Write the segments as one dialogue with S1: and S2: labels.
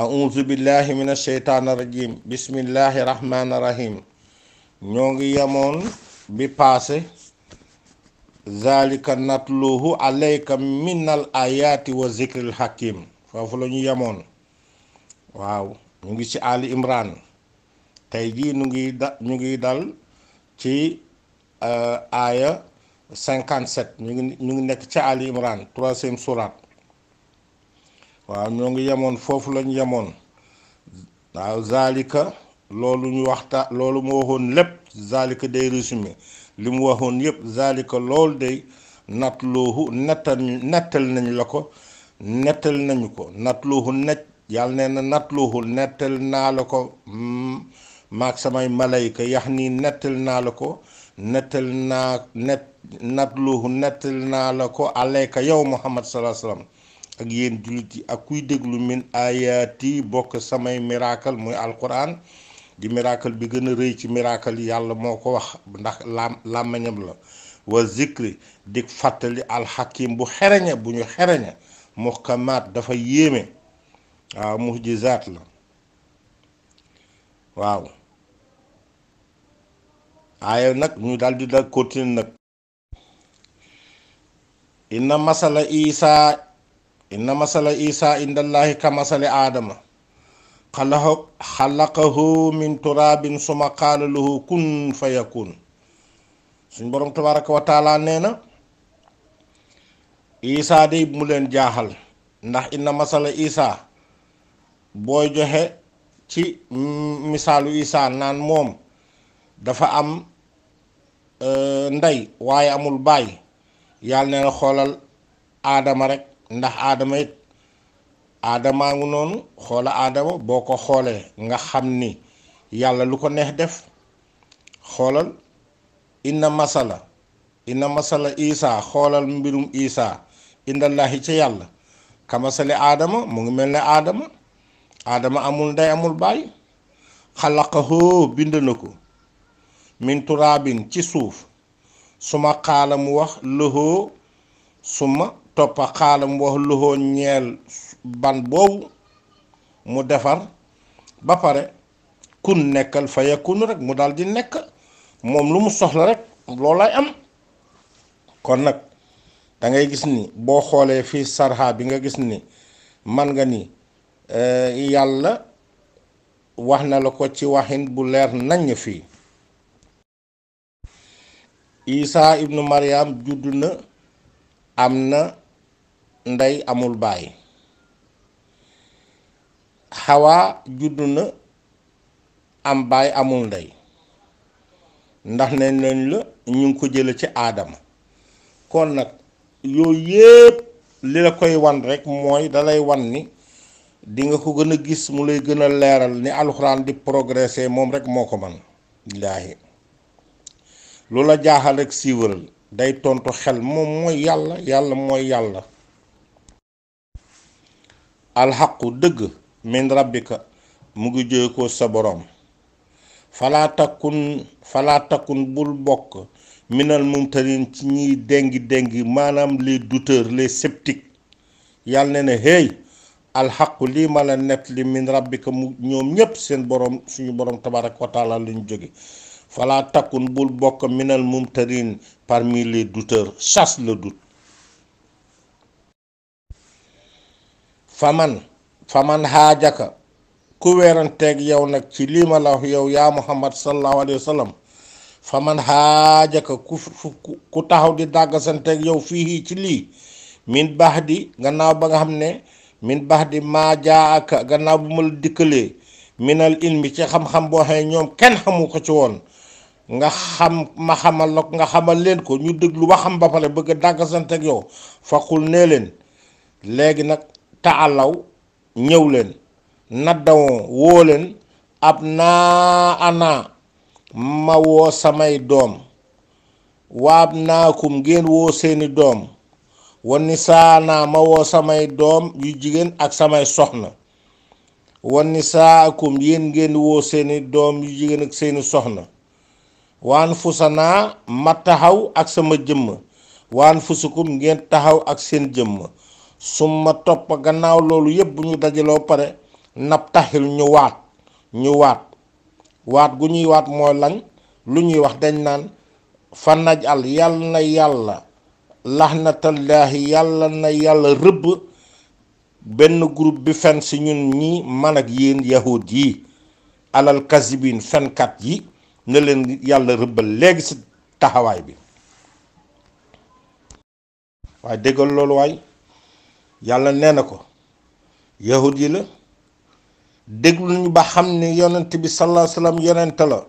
S1: auzu billahi min asheytaani rajim bismillahi rahmaani rahim ñoo ngi yamoon bi paase zalika natluhu alayka min al wa zikril hakim foofu la ñu yemoon waaw ñu ngi ci ali imran tey jii ñu ngi dal ci euh, aaya 57 ñu ngi ñu ngi nekk ci ali imran troisième sourate waaw ñoo ngi yemoon foofu lañu yemoon waaw zalika loolu ñu waxta loolu mu waxoon lépp zalika day résumé li mu waxoon yépp zalika loolu day natloohu nettal nettal nañu la ko nettal nañu ko natloohu net yàlla na natloohu nettal naa la ko mm, maag samay malayka yax nii nettal naa la ko nettal naa net natluhu nettal naa la ko aleka yow muhammad salaa salaam ak yéen jullit yi ak kuy déglu min ayati bokk samay miracle muy alquran di miracle bi gën a rëy ci miracle yi yàlla moo ko wax ndax laam làmmañam la wa zikri di fàttali alxakim bu xereñe bu ñu xereñe muhkamaat dafa yéeme waaw muhjizaat la waaw aaya nag ñu daal di dal continuer nag inna masala isa inna masala isa indallahi ka masali aadama xalaqa xalaqahu min turabin suma qaala lahu kun fa yakun suñ borom tabaraka wa taala nee na isa day mu leen jaaxal ndax inna masala isa boo joxe ci misaalu isa naan moom dafa am euh, ndey waaye amul baay yàlla nee xoolal aadama rek ndax aadama it aadamaa ngu noonu xoola aadama boo ko xoolee nga xam ni yàlla lu ko neex def xoolal inna masala inna masala isaa xoolal mbirum isaa indallaahi ci yàlla kamasali aadama mu ngi mel ne aadama aadama amul ndey amul baay xalaqahoo bind na ko min turaabin ci suuf suma xaala mu wax lëhoo suma toppa xaalam wax loxoo ñeel ban boobu mu defar ba pare kun nekkal fa yakunu rek mu daal di nekk moom lu mu soxla rek loolay am kon nag dangay gis ni boo xoolee fii sarha bi nga gis ni man nga ni eh, yàlla wax na la ko ci waxin bu leer naññ fii Isa ibnu Maryam judd na am na nday amul baay xawaa judd na am baay amul ndey ndax ne nañ la ñu ngi ko jële ci aadama kon nag yooyu yépp li la koy wan rek mooy dalay wan ni di nga ko gën a gis mu lay gën a leeral ni alxuraan di progresser moom rek moo ko man billaahi lu la jaaxal rek siiwaral day tontu xel moom mooy yàlla yàlla mooy yàlla alxaqu dëgg min rabbika mu ngi jóge ko sa boroom falaa takkun bul bokk minal mumtarin ci ñiy déngi déngi maanaam les douteurs les sceptiques yàlla na ne hey alxaqu lii ma la nett li min rabbika mu ñoom ñépp seen boroom suñu boroom tabarak wa taala lañu jóge falaa takkun bul bokk minal mumtarin parmi les douteurs chasse la doute man faman faman haajaka ku weeranteeg yow nag ci lii ma la wax yow yaa muhammad sallallahu alayhi wa sallam faman haajaka ku ku taxaw di dàggasanteeg yow fii ci lii min baax di gannaaw ba nga xam ne min baax di maa jaa aka gannaaw bu ma la dikkalee minal ilmi ci xam-xam boo xam ne ñoom kenn xamu ko ci woon nga xam ma xamal la nga xamal leen ko ñu déglu ba xam ba pare bëgg a dàggasanteeg yow faqul nee leen léegi nag taalaw ñëw leen naddawoo woo leen ab naa anaa ma woo samay doom waab naakum ngeen woo seeni doom wa nisaanaa ma woo samay doom yu jigéen ak samay soxna wa nisaakum yéen ngeen woo seeni doom jigéen ak seeni soxna waan fusanaa ma taxaw ak sama jëmm waan fusukum ngeen taxaw ak seen jëmm summa topp gannaaw loolu yépp bu ñu dajaloo pare nab taxil ñu waat ñu waat waat gu ñuy waat mooy lañ lu ñuy wax dañ naan fanaj al yàll na yàlla laxnatallaahi yàlla na yàlla rëbb benn groupe bi fen si ñun ñi man ak yéen yahud yi alal kasibin fenkat yi ne leen yàlla rëbbal léegi si taxawaay bi waaye déggal loolu waay yàlla nee na ko yahud yi la déglu nañu ba xam ne yonent bi sallallahu alayhi wasallam yonent la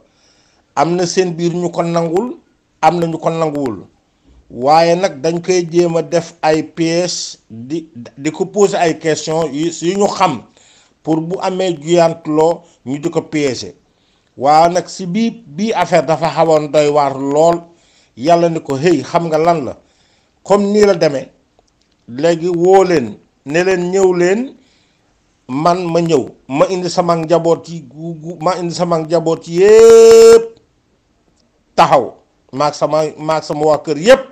S1: am na seen biir ñu ko nangul am na ñu ko nanguwul waaye nag dañ koy jéem a def ay pièces di di ko poser ay questions yu ñu xam pour bu amee juyantloo ñu di ko piéger waaye nag si bii bii affaire dafa xawoon doy waar lool yàlla ni ko hey xam nga lan la comme nii la demee léegi woo leen ne leen ñëw leen man ma ñëw ma indi sama njaboot yi gu gu ma indi sama njaboot yépp taxaw maag sama maag sama waa kër yépp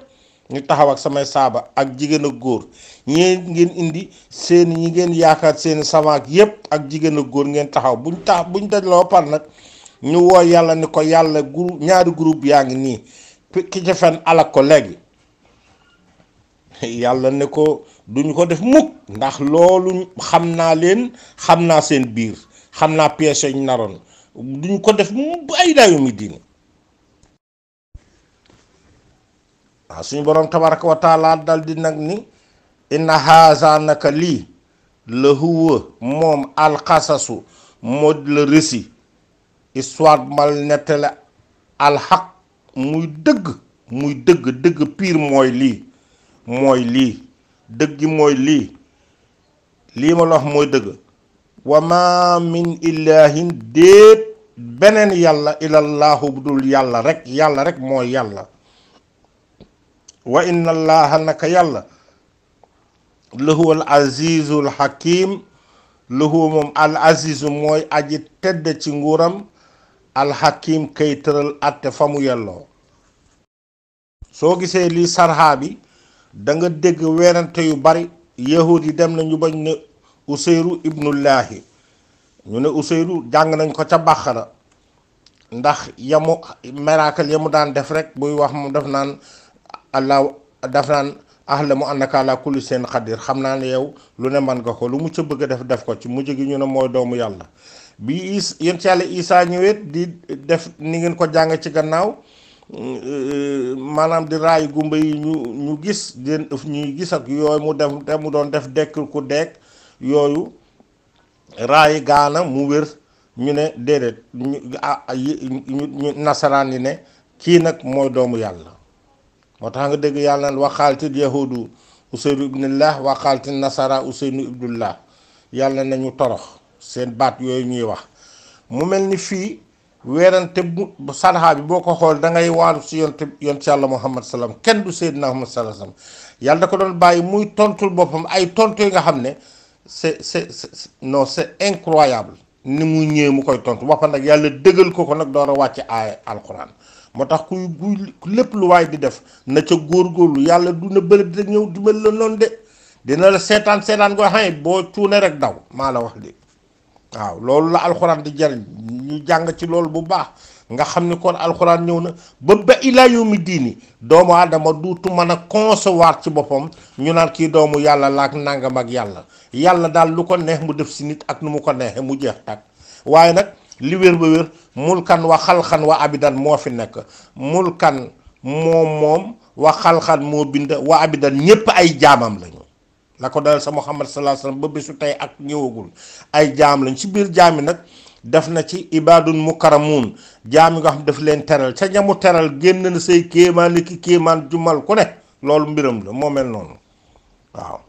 S1: ñu taxaw ak samay saaba ak jigéen góor ñee ngeen indi seen ñi ngeen yaakaar seen samaak yépp ak jigéen góor ngeen taxaw buñ tax buñ dajloo par nag ñu woo yàlla ni ko yàlla groupe ñaari groupe yaa ngi nii ki ci fen alak ko léegi yàlla ne ko duñu ko def mukk ndax loolu xam naa leen xam naa seen biir xam naa pièce ñu naroon duñu ko def bu ay daayu mi diin waaw ah, suñu boroom tabaraka wa taala dal di nag ni inna haza naka lii la huwa moom alxasasu moo la récit histoire mal nettale alxaq muy dëgg muy dëgg dëgg pire mooy lii mooy lii dëgg mooy lii lii ma la mooy dëgg wa ma min ilahin déet beneen yàlla ilallaahu bu dul yàlla rek yàlla rekk mooy yàlla wa inna naka yàlla lahuwa al azizu al hakim lahuwa moom al mooy aji tëdd ci nguuram al hakim kay tëral atte fa mu yelloo soo gisee lii sarxaa bi da nga dégg werante yu bari yahud yi dem nañu bañ ne useyru ibnullahi ñu ne useyru jàng nañ ko ca bàqara ndax yamu miracle yamu daan def rek buy wax mu def naan allah def naan ahla mu annaka ala kulli seen xadir xam naa ne yow lu ne man nga ko lu mu ca bëgg a def def ko ci mujj gi ñu ne mooy doomu yàlla bi is yéen ci yàlla isaa ñëwet di def ni ngeen ko jàng ci gannaaw maanaam di raayu gumba yi ñu ñu gis den ñuy gis ak yooyu mu def te mu doon def dekk ku dekk yooyu raayi gaana mu wér ñu ne déedéet ñu ñu nasaraan yi ne kii nag mooy doomu yàlla moo tax nga dëgg yàlla naan waxaaltil yahudu useynu ibnillah waxaaltil nasara useynu ibnullah yàlla nañu torox seen baat yooyu ñuy wax mu mel ni fii weerante bu sanha bi boo ko xool da ngay waaru si yoon yonte yàlla muhammad salaam kenn du seydina muhammad salaam yàlla da ko doon bàyyi muy tontu boppam ay tontu yi nga xam ne c'est c'est non c'est incroyable ni mu ñëwee mu koy tontu wax nag yàlla dëggal ko ko nag door a wàcce aaya alquran moo tax kuy kuy lépp lu waay di def na ca góorgóorlu yàlla du na bëri di ñëw la noonu de dina la seetaan seetaan goo xam ne boo cuune rek daw maa la wax léegi. waaw loolu la alxuraan di jariñ ñu jàng ci loolu bu baax nga xam ni kon alxuraan ñëw na ba ba ilaa yawmi diini doomu aadama duutu mën a concevoir ci boppam ñu naan kii doomu yàlla laak nangam ak yàlla yàlla daal lu ko neex mu def si nit ak nu mu ko neexee mu jeex tàkk waaye nag li wér ba wér mulkan wa xalxan wa abidan moo fi nekk mul kan moom moom wa xalxan moo bind wa abidan ñépp ay jaamam lañ la ko dalal sa Muhammad sallallahu alayhi wasallam ba bésu tey ak ñëwagul ay jaam lañ ci biir jaam nag def na ci ibaadu mukaramun jaam yi nga xam daf leen teral ca ñamu teral génn na say kéemaan ni kéemaan jumal ku ne loolu mbiram la moo mel noonu waaw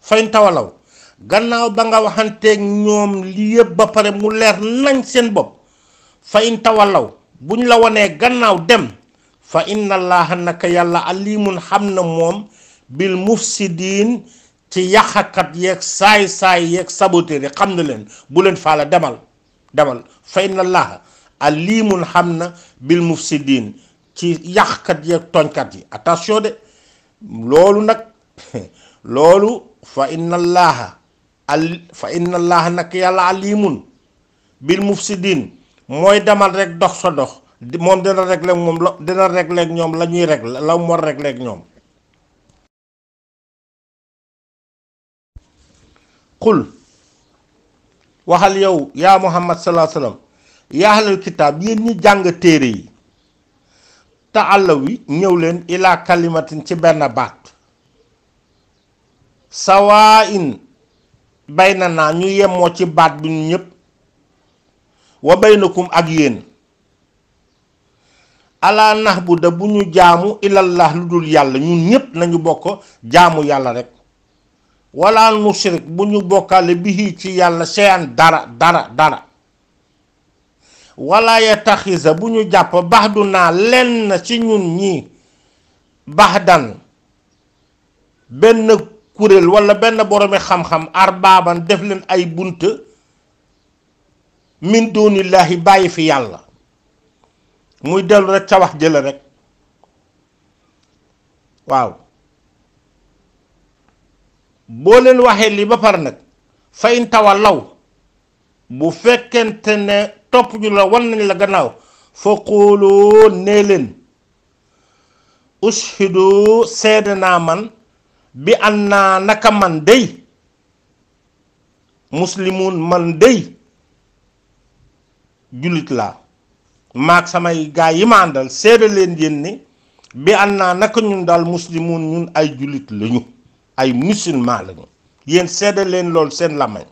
S1: fayn tawalaw gannaaw ba nga waxanteeg ñoom li yëpp ba pare mu leer nañ seen bopp fayn tawalaw buñ la wonee gannaaw dem fa inna allaha naka yàlla alimun xam na moom bil mufsidin ci yàqakat yeeg saay-saay yeeg saboteur yi xam na leen bu leen faala demal demal fa inna allaha alimun xam na bil mufsidin ci yàqkat yeeg tooñkat yi attention de loolu nag loolu fa inna al fa inna allaha nag yàlla alimun bil mufsidin mooy demal rek dox sa dox moom dina réglé ak moom la dina réglé ak ñoom la ñuy réglé la mu war réglé ak ñoom xul waxal yow yaa muhammad salaa sallam yaa ahlal kitaab yéen ñi jàng téere yi te àll wi ñëw leen ilaa kalimatin ci benn baat sawaa in bay na naa ñu yemoo ci baat bi ñu ñépp wa baynakum ak yéen ala nax bu da bu ñu jaamu ilallah lu dul yàlla ñun ñépp nañu bokk jaamu yàlla rekk wala nushrik bu ñu bokkaale bihi ci yàlla seyaan dara dara dara wala yataxisa bu ñu jàpp bax du naa lenn ci ñun ñi bax dan benn kuréel wala benn boromi xam-xam arbaaban def leen ay bunt min dunillahi bàyyi fi yàlla muy dellu rek ca wax jële rek waaw boo leen waxee lii ba pare nag fa in tawallaw bu fekkente ne topp ñu la wan nañ la gannaaw fa qulu nee leen ushidu seede naa man bi am na naka man dey muslimun man dey jullit laa maag samay gaa yi ma àndal seede leen yéen ni bi an naa naka ñun daal muslimoon ñun ay jullit lañu ay musulman lañu yéen sedda leen lool seen làmmañ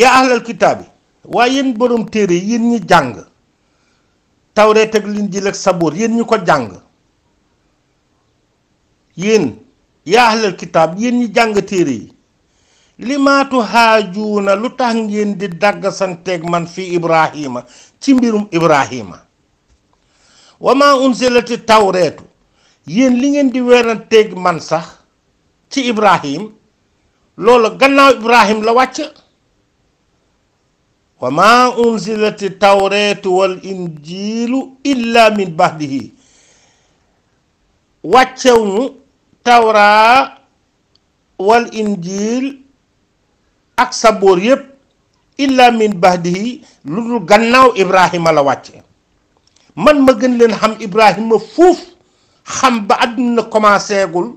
S1: yaa ahlal kitaab yi waaye yéen borom téere yéen ñi jàng tawreet ak linjiil ak saboor yéen ñi ko jàng yéen yaa ahlal kitaab yéen ñi jàng téere yi li maatu haajuuna lu tax ngeen di dagg man fii ibrahima ci mbirum ibrahima wa ma unsilati tawreetu yéen li ngeen di weranteeg man sax ci ibrahim loolu gannaaw ibrahim la wàcc wa ma unsilati tawreetu wal injilu illa min bahdihi wàccewuñu tawraa wal injil ak saboor yépp illa min bahdihi lu dul gannaaw ibrahima la wàcce man ma gën leen xam ibrahima fuuf xam ba àdduna commencé gul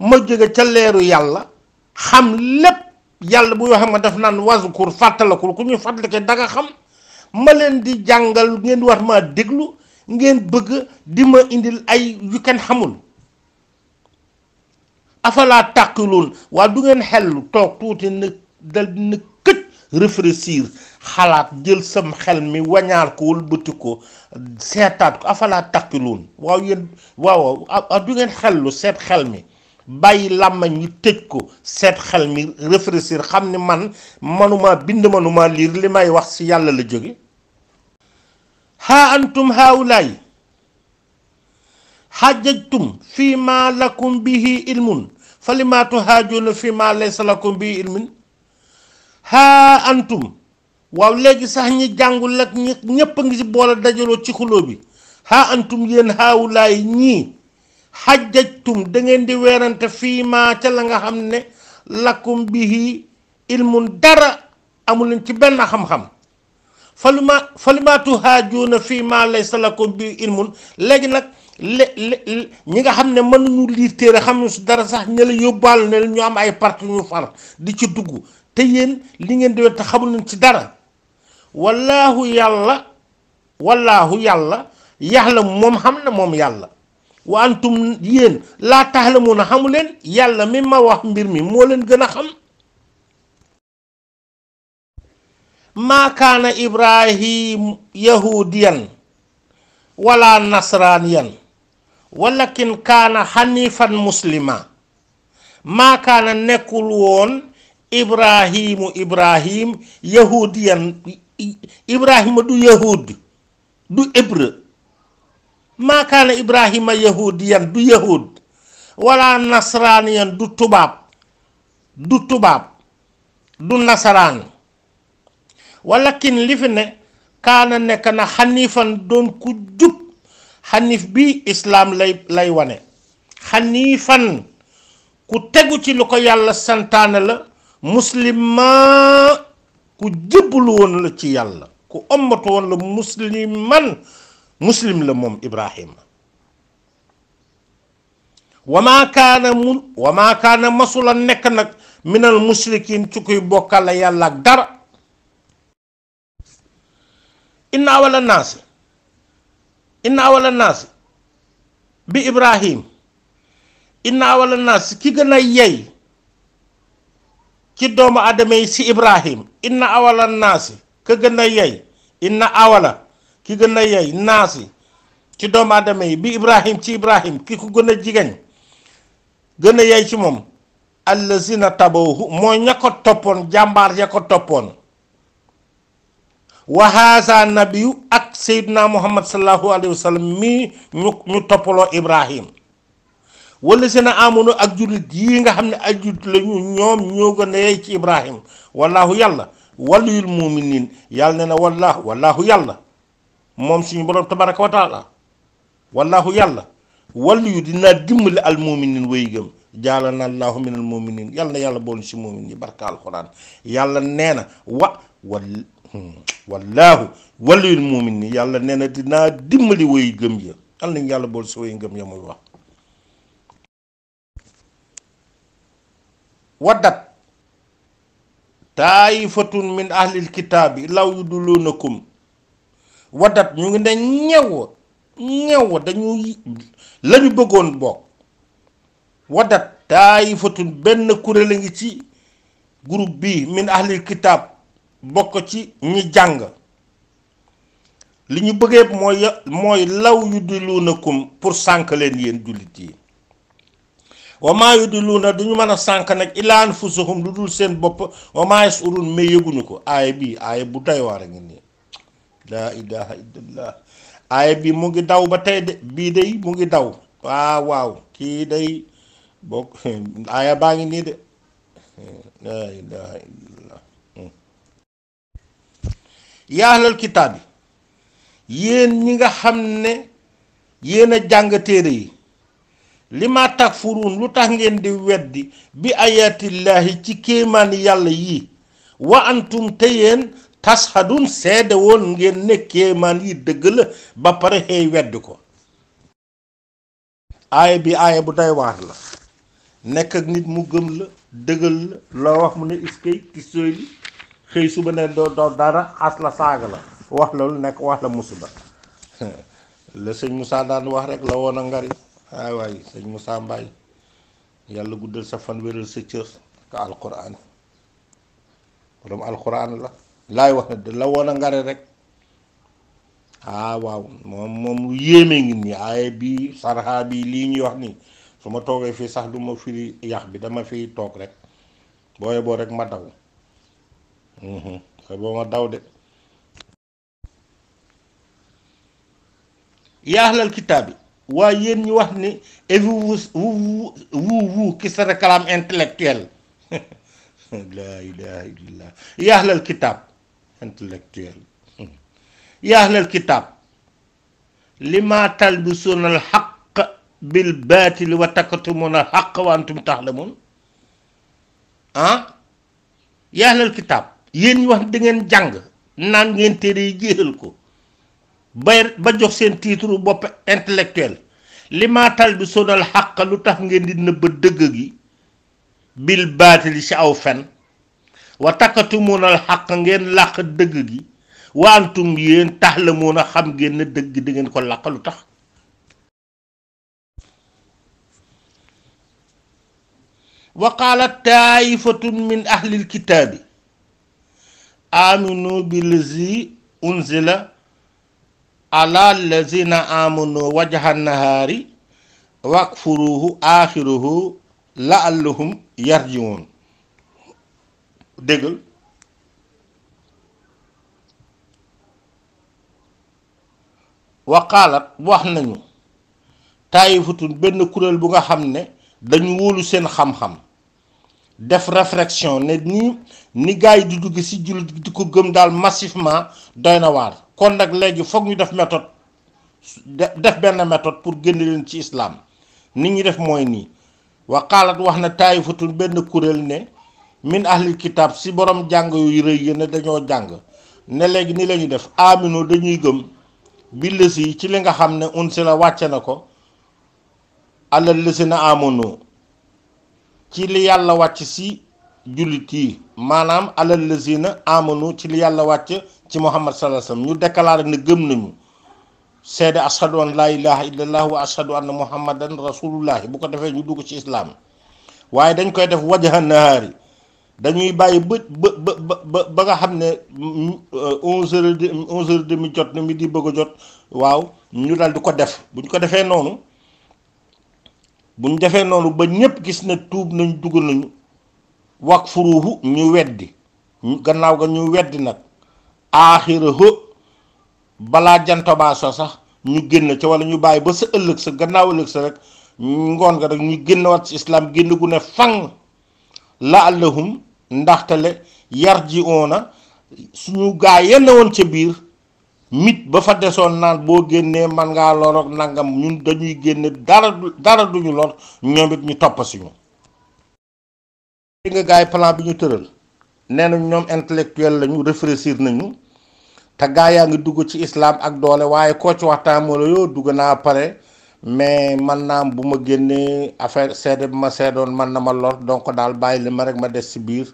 S1: ma jóge ca leeru yàlla xam lépp yàlla bu yoo xam nga daf naan wazkur fàttalakul ku ñuy fàttalake danga xam ma leen di jàngal ngeen war maa déglu ngeen bëgg di ma indil ay yu kenn xamul afalaat tàqiluun waa du ngeen xellu toog tuuti na këj réfléchir xalaat jël sam xel mi wañaar ko wëlbati ko seetaat ko afalaa tàqiluun waaw yéen waaw waaw du ngeen xelu seet xel mi bàyyi làmmañ yi tëj ko seet xel mi réfléchir xam ni man manuma bind manuma liir li may wax ci yàlla la jóge haa antum haulaay xaajajtum fii ma lakum bihi ilmun falima tuhaajuuna fi ma laysa lakum bi ilmin haa antum waaw léegi sax ñi jàngul ak ñi ñépp a ngi ci boole dajaloo ci xuloo bi haa antum yéen haawulaay ñii xajjajtum dangeen di weerante fii maa ca la nga xam ne lakum bihi ilmun dara amul leen ci benn xam-xam falima falima tuhaajuuna fii ma laysa lakum bi ilmun léegi nag le ñi nga xam ne mënuñu liir téere xam ne su dara sax ña la yóbbaal ne ñu am ay parti ñu far di ci dugg te yéen li ngeen di wet te xamu leen ci dara wallaahu yàlla wallaahu yàlla yaxla moom xam na moom yàlla wa antum yéen laa taxlamuuna yàlla mi ma wax mbir mi moo leen gën a xam maa kaana ibrahim yahudiyan wala nasraniyan walakin kaana xanifan muslima maa kaana nekkul woon ibrahimu ibrahim yahudiyan ibrahima du yahud du hébreu maa kaana ibrahima yahudiyan du yahud wala nasraaniyan du tubaab du tubaab du nasaraan walakin li fi ne kaana nekk na xanifan doon ku jub xanif bi islaam lay lay wane xanifan ku tegu ci lu ko yàlla santaane la muslimaa ku jëbbalu woon la ci yàlla ku ommatu woon la musliman muslim la moom ibrahima wamaa kaana kaana masula nekk nag minal mushrikin ci kuy bokkale yàlla ak dara inna awala naasi inna awala naas bi ibrahim inna awala naas ki gën a ci doomu aadama yi si ibrahim inna awala naasi ka gën a yey inna awala ki gën a yey naasi ci doomu aadama yi bi ibrahim ci ibrahim ki ku gën a jigéen gën a ci moom allazina tabahu mooy ña ko toppoon jàmbaar ya ko toppoon wahaasa nabiyu Seydina Muhammad sallallahu alayhi wa sallam mii ñu ñu toppaloo Ibrahim wala seen amono ak jullit yii nga xam ne ay jullit lañu ñoom ñoo gën a yey ci Ibrahim wallaahu yàlla waliyul muminin yàlla ne na wallaahu wallaahu yàlla moom suñu borom tabaraka wa taala wallaahu yàlla dimbali al muminin way gëm jaalana allahu min al yàlla na yàlla boolu si mumin yi barka alquran yàlla nee wa wal Hmm. wallaahu waliyul muumin yàlla nee na dinaa dimbali woy gëm ya muy wax waddat taaifatun min ahlil kitaabi law yu dulunakum waddat ñu ngi ne ñew ñew dañu lañu bëggoon bokk waddat taaifatun benn kuréel a ngi ci groupe bi min ahlil kitaab bokk ci ñi jàng li ñu bëggee mooy mooy law yu di luunakum pour sànk leen yéen jullit yi wa yu di luuna duñu mën a sànk nag illaa anfusuhum lu dul seen bopp wa yëguñu ko aaya bii aaya bu day waar a ngi nii laa ilaha illallah aaya bii day ngi daw kii day bokk aaya baa yaa ahlal kitaabi yéen ñi nga xam ne yéen a jàng téere yi lima ma takfuruun lu tax ngeen di weddi bi ayatillaahi ci kéemaan yàlla yi wa antum te yéen tashadun seede woon ngeen ne kéemaan yi dëgg la ba pare xëy weddi ko aaya bi aaya bu day waar la nekk ak nit mu gëm la dëggal la loo wax mu ne iskay tisooy li xëy suba ne doo doo dara xas la saaga la wax lu nekk wax la musiba la sëñ Moussa daan wax rek la woon a ngari waay waay sëñ Moussa Mbaye yàlla guddal sa fan wéral sa cër ka alquran borom alquran la laay wax ne la woon ngari rek ah waaw moom moom lu ngi nii aaye bii sarxa bii lii ñuy wax nii su ma toogee fii sax du ma firi yax bi dama fiy toog rek booye boo rek ma daw Mm-hmm. xëy boo ma daw de yaaxlal kitaab bi waaye yéen ñu wax ni et vous vous vous vous qui se réclame intellectuel laa ilaha illallah yaaxlal intellectuel yaaxlal kitaab li maa talbisuuna al xaq bil baatili wa takatumuuna al xaq wa antum taxlamuun ah yaaxlal kitaab yéen wax da jàng naan ngeen téere yi jéexal ko ba jox seen tiitru bopp intellectuel li maatal bi sonal xàq lu tax ngeen di nëbba dëgg gi bil baatili ci aw fen wa takkatu mun al xàq ngeen làq dëgg gi waantum yéen tax la mun a xam ngeen dëgg gi di ko làq lu tax wa qaala taayifatun min ahlil kitaabi aminu billazi unzila ala allazina amanu wajha nahaari wakfuruhu axiruhu laallahum yarjiwoon déggal waqaalat wax nañu taayifatun benn kuréel bu nga xam ne dañu woolu seen xam-xam def réflexion ne ni ni gars yi di dugg si jullit di ko gëm daal massivement doy na waar kon nag léegi foog ñu def méthode def benn méthode pour génn leen ci islaam nit ñi def mooy nii wa xaalaat wax na taayifatun benn kuréel ne min ahlil kitab si borom jàng yu rëy yi ne dañoo jàng ne léegi ni la def amino dañuy gëm billës yi ci li nga xam ne unsila wàcce na ko alal lësi na amono ci li yàlla wàcc si jullit yi maanaam alal lazina amanu ci li yàlla wàcc ci muhammad sallallahu alayhi wasallam ñu déclaré ne gëm nañu seede ashadu an laa ilaha illallah wa ashadu anna muhammadan rasulullahi bu ko defee ñu dugg ci islaam waaye dañ koy def wajaha nahaari dañuy bàyyi ba ba ba ba nga xam ne onze heures onze heures demi jot na mi di bëgg a jot waaw ñu dal di ko def bu ñu ko defee noonu buñ defee noonu ba ñépp gis ne tuub nañu dugg nañu wak furuuhu ñu weddi gannaaw ga ñu weddi nag aaxira hë balaa jantobaa sax ñu génn ca wala ñu bàyyi ba sa ëllëg sa gannaaw ëllëg sa rek ngoon nga rek ñu génn wat si islaam génn gu ne fang la allahum ndaxtale yar ji oona suñu gaa yenn woon ca biir mit ba fa desoon naan boo génnee man ngaa loroog nangam ñu dañuy génne dara du dara duñu lor ñoom it ñu topp si ñu li nga gaay plan bi ñu tëral nee nañ ñoom intellectuel lañu réfléchir nañu te gaa yaa ngi dugg ci islaam ak doole waaye koo ci waxtaan moo la yoo dugg naa pare mais man naam bu ma génnee affaire seede bi ma seedoon man na ma lor donc daal bàyyi li ma rek ma des si biir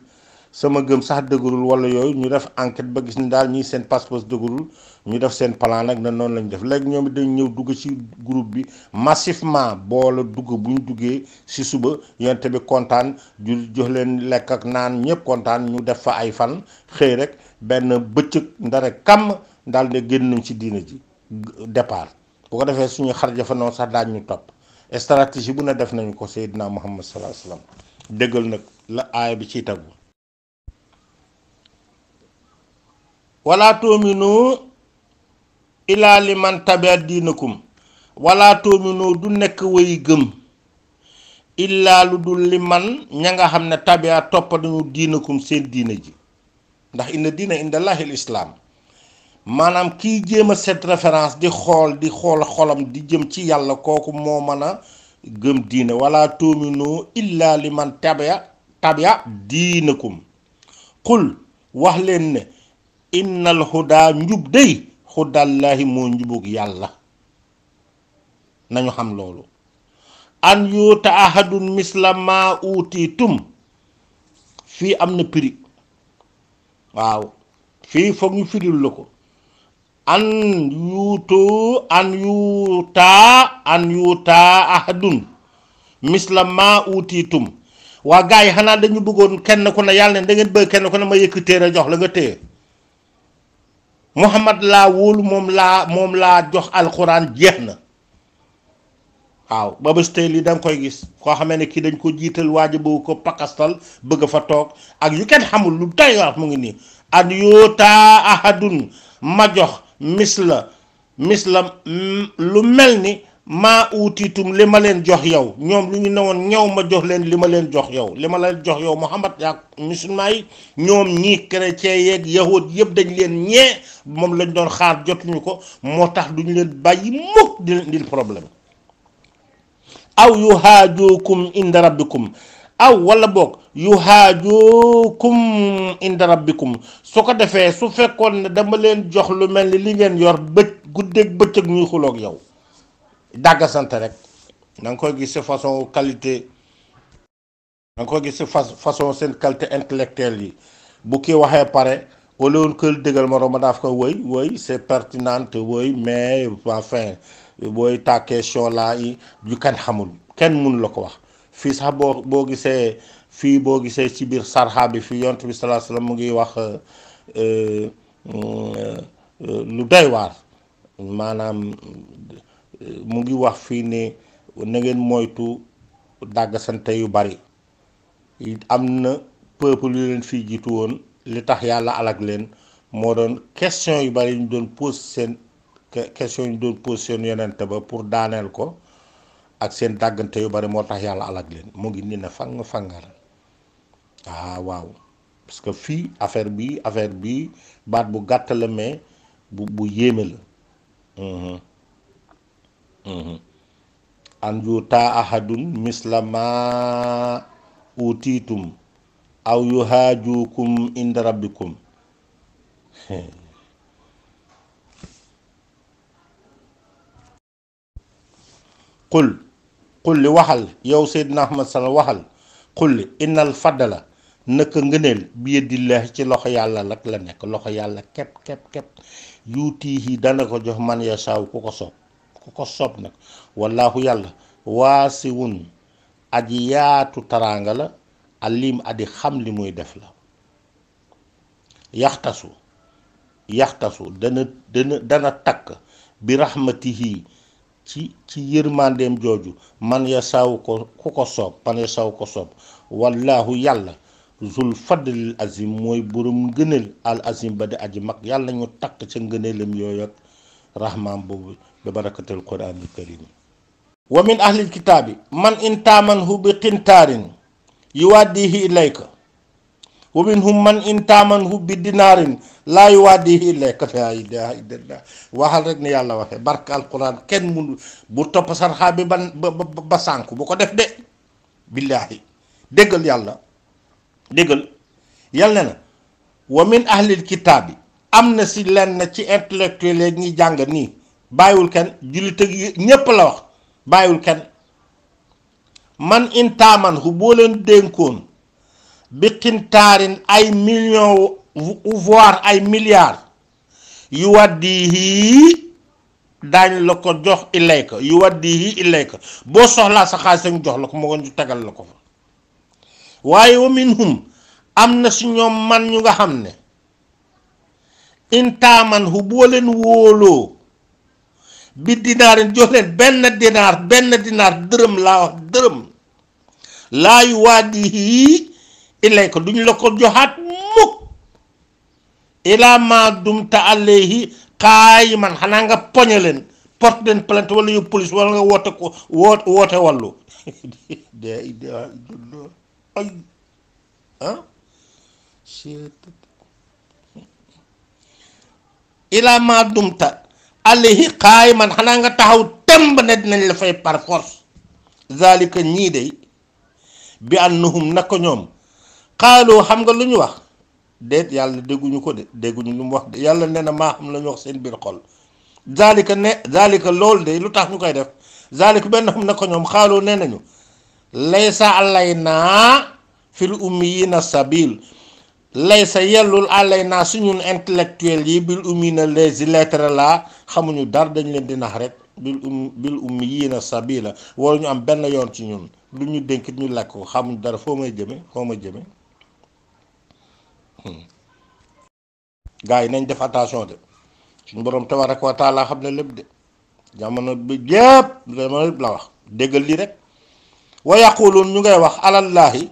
S1: sama gëm sax dëgërul wala yooyu ñu def enquête ba gis ni daal ñii seen passeport dëgërul ñu def seen plan nag na noonu lañ def léegi ñoom it dañ ñëw dugg ci groupe bi massivement boola dugg bu ñu duggee si suba yonte bi kontaan ju jox leen lekk ak naan ñëpp kontaan ñu def fa ay fan xëy rek benn bëccëg ndare kàmm daal ne génn nañ ci diina ji départ bu ko defee suñu xarja fa noonu sax daañ ñu topp stratégie bu ne def nañu ko Seydina Muhammad sallallahu alayhi wa sallam dëggal la aaya bi ciy tagu wala tuuminu ilaa li man tabia diinakum wala tuuminu du nekk way gëm illaa lu dul li man ña nga xam ne tabia topp nañu diinakum seen diina ji ndax inna diina indallahi l islaam maanaam kiy jéem a set référence di xool di xool xolam di jëm ci yàlla kooku moo mën a gëm diine wala tuuminu illaa li man tabia tabia diinakum qul wax leen ne innal xudaa njub day xudallaahi moo njubug yàlla nañu xam loolu an yuuta ahadun misla maa uutiitum fii am na prix waaw fii foog ñu firil la ko an yuutoo an yuutaa an yuutaa ahadun misla maa uutiitum waa gars yi xanaa dañu bëggoon kenn ku ne yàlla ne da bëgg kenn ku ne ma yëkk téere jox la nga téye Muhammad laa wóolu moom laa moom laa jox alxuraan jeex na waaw ba bés tey lii da koy gis koo xamee ne kii dañ ko jiital waaja boobu ko pakastal bëgg fa toog ak yu kenn xamul lu tay wax mu ngi nii an yootaa ahadun ma jox misla misla mm, lu mel ni maa uutiitum li ma leen jox yow ñoom lu ñu newoon ñaw ma jox leen li ma leen jox yow li ma leen jox yow Muhammad yaa musulman yi ñoom ñii chrétien yeeg yahud yëpp dañ leen ñee moom lañ doon xaar jotuñu ko moo tax duñu leen bàyyi mukk di leen problème aw yu haajukum inda rabbikum aw wala boog yu haajukum inda rabbikum su ko defee su fekkoon ne dama leen jox lu mel ni li ngeen yor bët guddeeg bëccëg ñuy xuloog yow dàggasante rek da nga koy gis si façon qualité da gis si façon seen qualité intellectuelle yi bu kii waxee pare au lieu que dëggal moroom ma daaf ko woy woy c'est pertinent woy mais enfin booy tàkkee question là yu kenn xamul kenn mun la ko wax fii sax boo boo gisee fii boo gisee ci biir sarxa bi fi yonent bi salaa salaam mu ngi wax euh, euh, euh, lu doy waar maanaam mu ngi wax fii ne na ngeen moytu dàggasante yu bari am na peuple yu leen fii jiitu woon li tax yàlla alag leen moo doon question yu bari ñu doon pose seen question ñu doon pose seen yonent ba pour daaneel ko ak seen dàggante yu bari moo tax yàlla alag leen mu ngi nii ne fang nga ah waaw parce que fii affaire bi affaire bi baat bu gàtt la mais bu bu yéeme la. Mm-hmm. Mm-hmm. an yuta ahadun misla ma utiitum aw yuhaajuukum inda rabbikum qul qulli waxal yow na ahmad sala waxal qulli innal faddala naka ngëneel bi yadillahi ci loxo yàlla lag la nekk loxo yàlla képp képp képp yuutiihi dana ko jox man yasaaw ku ko soob ku ko soob nag wallaahu yàlla waasiwun aji yaatu taraanga la alim adi xam li muy def la yaxtasu yaxtasu dana dana takk bi raxmatihi ci ci jooju man ya saw ko ku ko soob man ya saw ko soob wallaahu yàlla zul fadlil azim mooy borom ngëneel al azim ba di aji mag yàlla ñu takk ca ngëneelam yooyu ak boobu bi barakatil quraanil karim wa min ahlil kitaabi man in taamanhu bi qintaarin yuwaddihi ilayka wa minhum man in taamanhu bi dinaarin laa yuwaddihi ilayka laa ilaaha illallah ni yàlla waxee barka alquran kenn mënu bu topp sarxaa bi ban ba ba sànku bu ko def de billaahi déggal yàlla déggal yàlla na wa min ahlil kitaabi am na si lenn ci intellectuel yi ñuy jàng nii bàyyiwul kenn jullit ak ñépp man intaaman hu boo leen dénkoon bi qintaarin ay million voire ay milliards yu waddihi daañ la ko jox illay ko yu waddihi illay ko boo soxlaa sa xaalis dañ jox la ko moo ñu tagal la ko fa waaye wa minhum am na si ñoom man ñu nga xam ne intaaman hu boo leen wóoloo bi dinaarin jox leen benn dinaar benn dinaar dërëm laa wax dërëm laa yu waadihi ilayka duñ la ko joxaat mukk ilaa maa dumta alayhi qaayiman xanaa nga poñe leen porte leen plainte wala yóbbu police wala nga woote ko woote woote ilaa maa dumta xaay man xanaa nga taxaw temb ne dinañ la fay par force zalika ñii day bi nag ko ñoom xaaloo xam nga lu ñu wax de yàlla dégguñu ko de dégguñu lu mu wax de yàlla nee na maa xam la ñu wax seen biir xol zalika ne zalika loolu de lu tax ñu koy def zalika benn xam ko ñoom xaaloo nee nañu naa laysa alaynaa fil ummiyina sabil laysa yellul alaynaa suñun intellectuel yi bil ummiyina les lettres laa xamuñu dara dañ leen di nax rek bil um bil um yii na sabila wala ñu am benn yoon ci ñun lu ñu dénkit ñu lakk ko xamuñu dara foo may jëme foo may jëme hmm. gars yi nañ def attention de suñu borom tabaraka wa taala xam ne lépp de jamono bi yëpp jamono yëpp la wax déggal lii rek wa yaquluun ñu ngay wax alallaahi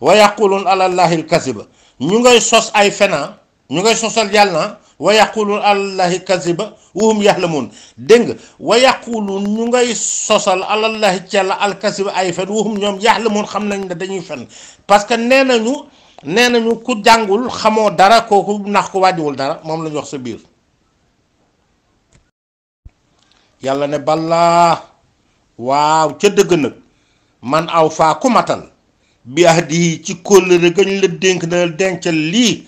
S1: wa yaquluun alallaahi alkasiba ñu ngay sos ay fena ñu ngay sosal yàlla wa yaquluun àlallahi kaziba wahum yaxlamuun dégg nga wa yaquluun ñu ngay sosal àlallahi ci yàlla alkaziba ay fen wahum ñoom yaxlamuun xam nañ ne dañuy fen parce que nee nañu nee nañu ku jàngul xamoo dara kooku nax ko wàjjiwul dara moom la ñu wax sa biir yàlla ne balaa waaw ca dëgg nag man aw faa ku matal bi ahdi ci kóllëre gañ la dénk na dencal lii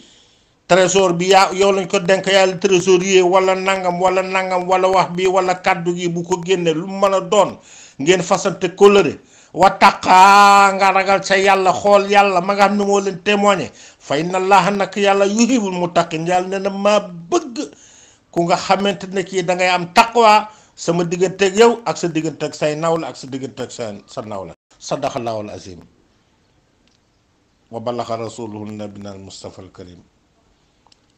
S1: trésor bi yaa yow lañ ko denk yàlla trésorier wala nangam wala nangam wala wax bii wala kàddu gi bu ko génnee lu mën a doon ngeen fasante kóllëre wa taqa nga ragal sa yàlla xool yàlla ma nga xam ne moo leen témoigné fay na laax nag yàlla yuhibul mu taqin yàlla ne ma maa bëgg ku nga xamante ne kii da ngay am taqwa sama digganteeg yow ak sa digganteeg say nawla ak sa digganteeg sa sa nawla sadaqallaahu al azim wa balaxa rasuluhu nabina al mustafa al karim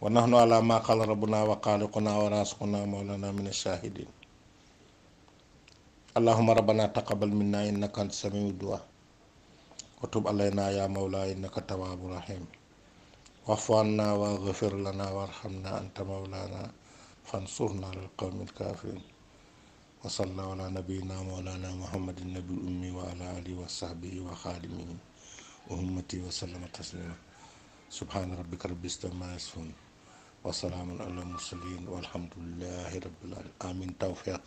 S1: wa nahnu ala ma qala rabbuna wa khaliquna wa rasuquna mawlana min ash-shahidin allahumma rabbana taqabbal minna innaka anta samiu du'a wa tub alayna ya mawla innaka tawwabur rahim wa'fu anna waghfir lana warhamna anta mawlana fansurna lil qawmil kafirin wa sallallahu ala nabiyyina mawlana muhammadin nabiyil ummi wa ala alihi wa sahbihi wa khadimihi wa ummati wa sallama taslima subhana rabbika rabbil izzati amma yasifun wasalaamun ala mursalin walhamdulilahi rabbil alamin tawfiq